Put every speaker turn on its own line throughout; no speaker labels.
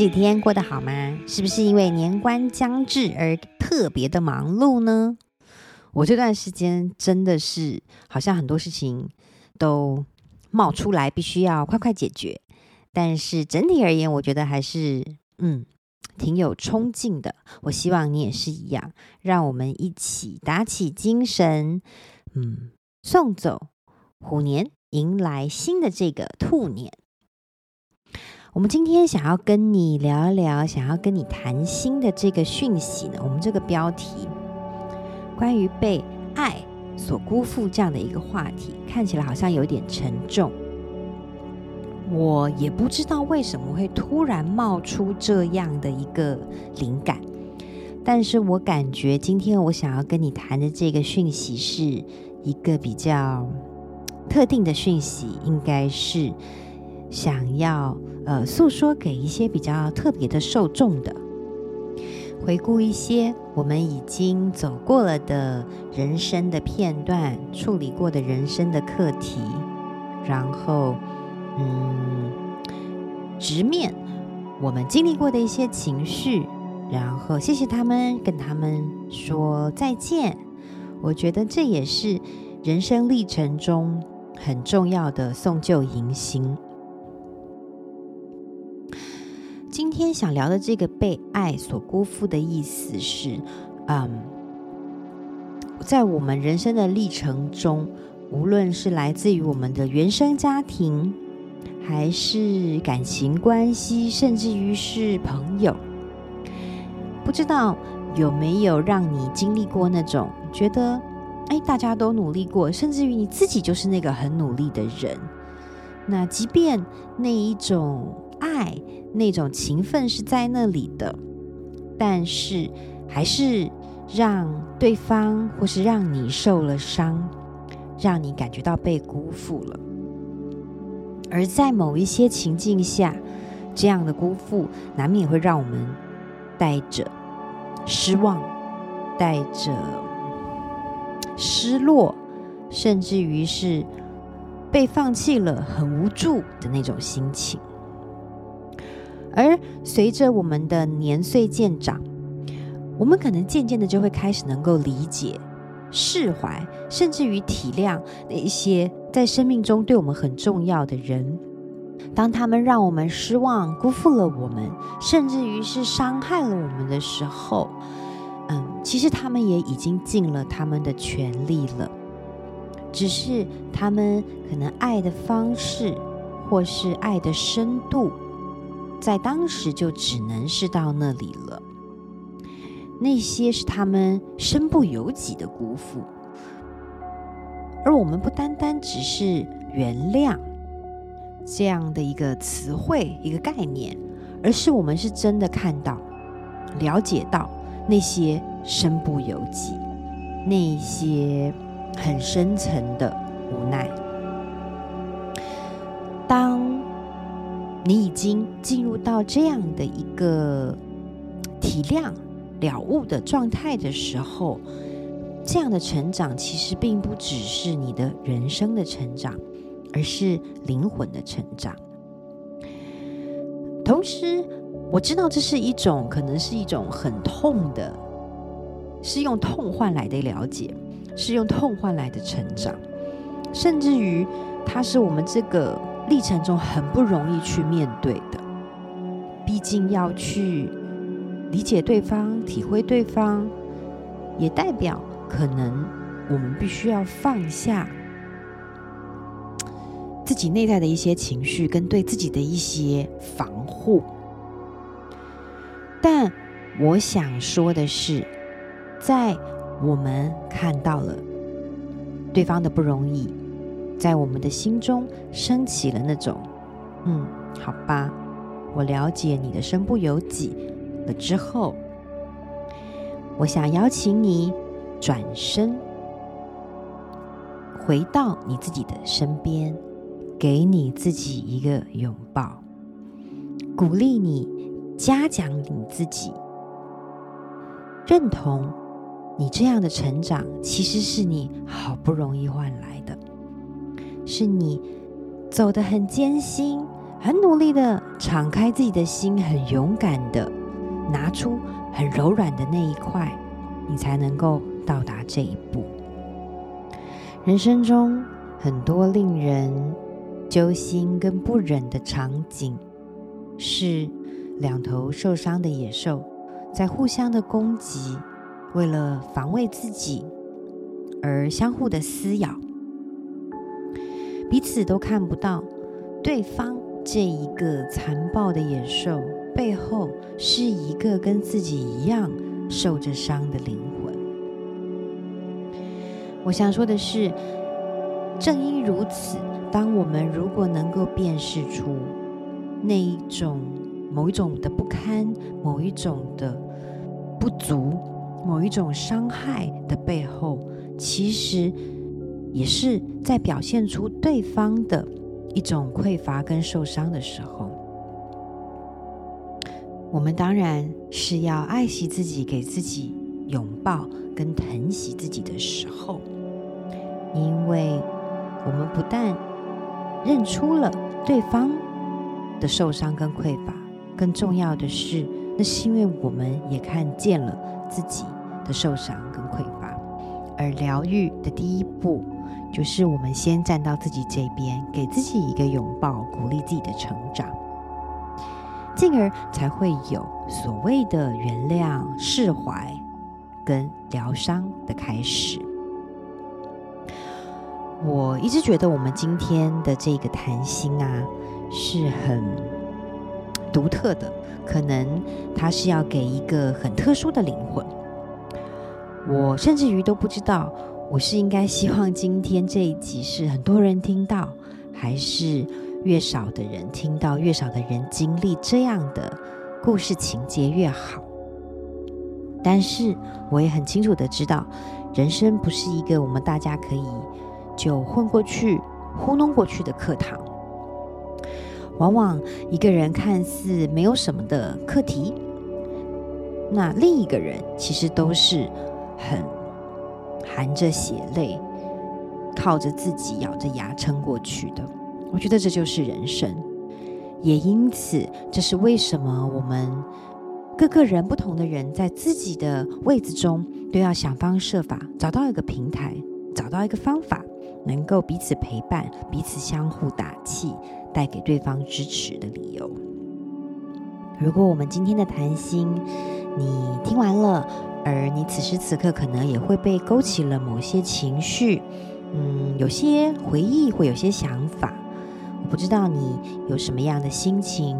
這幾天過得好嗎？是不是因為年關將至而特別的忙碌呢？我這段時間真的是好像很多事情都冒出來，必須要快快解決。但是整體而言，我覺得還是嗯挺有衝勁的。我希望你也是一樣，讓我們一起打起精神，嗯，送走虎年，迎來新的這個兔年。我們今天想要跟你聊一聊，想要跟你談心的這個訊息呢，我們這個標題，關於被愛所辜負這樣的一個話題，看起來好像有點沉重。我也不知道為什麼會突然冒出這樣的一個靈感，但是我感覺今天我想要跟你談的這個訊息是一個比較特定的訊息，應該是想要。呃，訴說給一些比較特別的受眾的，回顧一些我們已經走過了的人生的片段，處理過的人生的課題，然後，嗯，直面我們經歷過的一些情緒，然後謝謝他們，跟他們說再見。我覺得這也是人生歷程中很重要的送舊迎新。今天想聊的這個被愛所辜負的意思是，嗯，在我們人生的歷程中，無論是來自於我們的原生家庭，還是感情關係，甚至於是朋友，不知道有沒有讓你經歷過那種覺得，誒，大家都努力過，甚至於你自己就是那個很努力的人，那即便那一種愛。那種情分是在那裡的，但是還是讓對方或是讓你受了傷，讓你感覺到被辜負了。而在某一些情境下，這樣的辜負難免會讓我們帶着失望，帶着失落，甚至於是被放棄了很無助的那種心情。而隨着我們的年歲漸長，我們可能漸漸的就會開始能夠理解、釋懷，甚至於體諒那一些在生命中對我們很重要的人。當他們讓我們失望、辜負了我們，甚至於是傷害了我們的時候，嗯，其實他們也已經盡了他們的全力了，只是他們可能愛的方式，或是愛的深度。在當時就只能是到那裡了，那些是他們身不由己的辜負，而我們不單單只是原諒這樣的一個詞彙、一個概念，而是我們是真的看到、了解到那些身不由己、那些很深層的無奈。你已經進入到這樣的一個體諒、了悟的狀態的時候，這樣的成長其實並不只是你的人生的成長，而是靈魂的成長。同時，我知道這是一種可能是一種很痛的，是用痛換來的了解，是用痛換來的成長，甚至於它是我們這個。歷程中很不容易去面對的，畢竟要去理解對方、體會對方，也代表可能我們必須要放下自己內在的一些情緒跟對自己的一些防護。但我想說的是，在我們看到了對方的不容易，在我們的心中升起了那種，嗯，好吧，我了解你的身不由己了之後，我想邀請你轉身，回到你自己的身邊，給你自己一個擁抱，鼓勵你，嘉獎你自己，認同你這樣的成長其實是你好不容易換來的。是你走得很艱辛，很努力的，敞開自己的心，很勇敢的，拿出很柔軟的那一塊，你才能夠到達這一步。人生中很多令人揪心跟不忍的場景，是兩頭受傷的野獸在互相的攻擊，為了防衛自己而相互的撕咬。彼此都看不到對方這一個殘暴的野獸背後，是一個跟自己一樣受着傷的靈魂。我想說的是，正因如此，當我們如果能夠辨識出那一種某一種的不堪、某一種的不足、某一種傷害的背後，其實，也是在表現出對方的一種匱乏跟受傷的時候，我們當然是要愛惜自己，給自己擁抱跟疼惜自己的時候，因為我們不但認出了對方的受傷跟匱乏，更重要的是，那是因為我們也看見了自己的受傷跟匱乏，而療癒的第一步，就是我們先站到自己這邊，給自己一個擁抱，鼓勵自己的成長，進而才會有所謂的原諒、釋懷跟療傷的開始。我一直覺得我們今天的這個談心啊，是很獨特的，可能它是要給一個很特殊的靈魂。我甚至於都不知道。我是應該希望今天這一集是很多人聽到，還是越少的人聽到，越少的人經歷這樣的故事情節越好？但是我也很清楚的知道，人生不是一個我們大家可以就混過去、糊弄過去的課堂。往往一個人看似沒有什麼的課題，那另一個人其實都是很。含着血淚，靠着自己咬着牙撐過去的，我覺得這就是人生。也因此，這是為什麼我們各個人不同的人，在自己的位置中，都要想方設法找到一個平台，找到一個方法，能夠彼此陪伴、彼此相互打氣，帶給對方支持的理由。如果我們今天的談心，你聽完了，而你此時此刻可能也會被勾起了某些情緒，嗯，有些回憶，會有些想法。我不知道你有什麼樣的心情，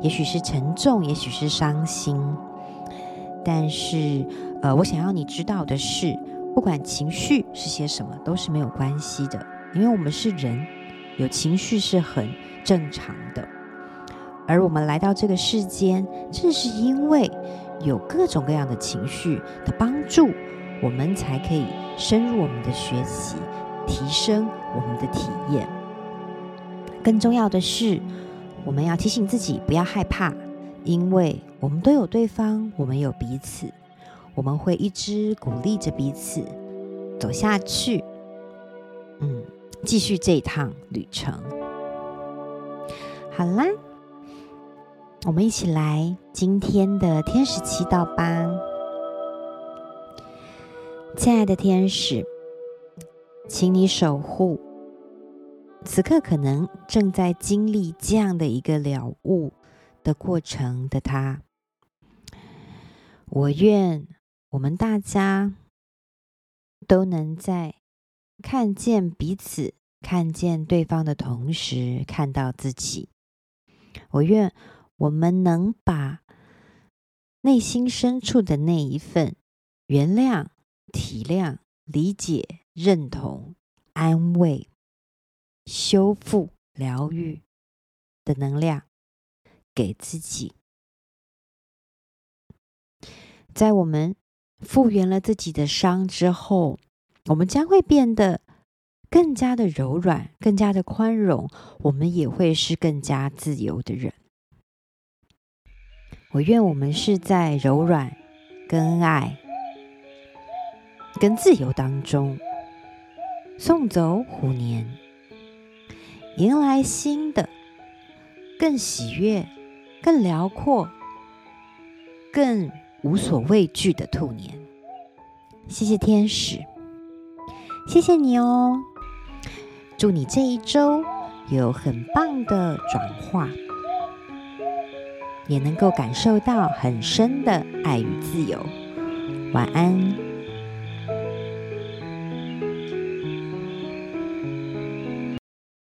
也許是沉重，也許是傷心。但是，呃，我想要你知道的是，不管情緒是些什麼，都是沒有關係的，因為我們是人，有情緒是很正常的。而我們來到這個世間，正是因為。有各種各樣的情緒的幫助，我們才可以深入我們的學習，提升我們的體驗。更重要的是，我們要提醒自己不要害怕，因為我們都有對方，我們有彼此，我們會一直鼓勵着彼此走下去。嗯，繼續這一趟旅程。好啦。我們一起來今天的天使祈禱吧，親愛的天使，請你守護此刻可能正在經歷這樣的一個了悟的過程的他。我願我們大家都能在看見彼此、看見對方的同時，看到自己。我願。我們能把內心深處的那一份原諒、體諒、理解、認同、安慰、修復、療癒的能量給自己。在我們復原了自己的傷之後，我們將會變得更加的柔軟，更加的寬容，我們也會是更加自由的人。我願我們是在柔軟、跟愛、跟自由當中送走虎年，迎來新的、更喜悅、更遼闊、更無所畏懼的兔年。謝謝天使，謝謝你哦！祝你這一周有很棒的轉化。也能夠感受到很深的愛與自由。晚安。